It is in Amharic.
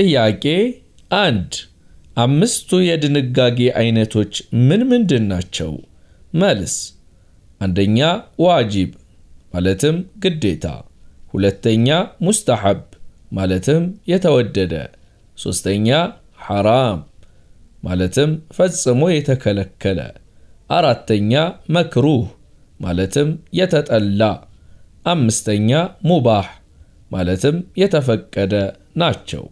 ጥያቄ አንድ አምስቱ የድንጋጌ አይነቶች ምን ምንድን ናቸው? መልስ አንደኛ ዋጂብ ማለትም ግዴታ፣ ሁለተኛ ሙስተሐብ ማለትም የተወደደ፣ ሶስተኛ ሐራም ማለትም ፈጽሞ የተከለከለ፣ አራተኛ መክሩህ ማለትም የተጠላ፣ አምስተኛ ሙባህ ማለትም የተፈቀደ ናቸው።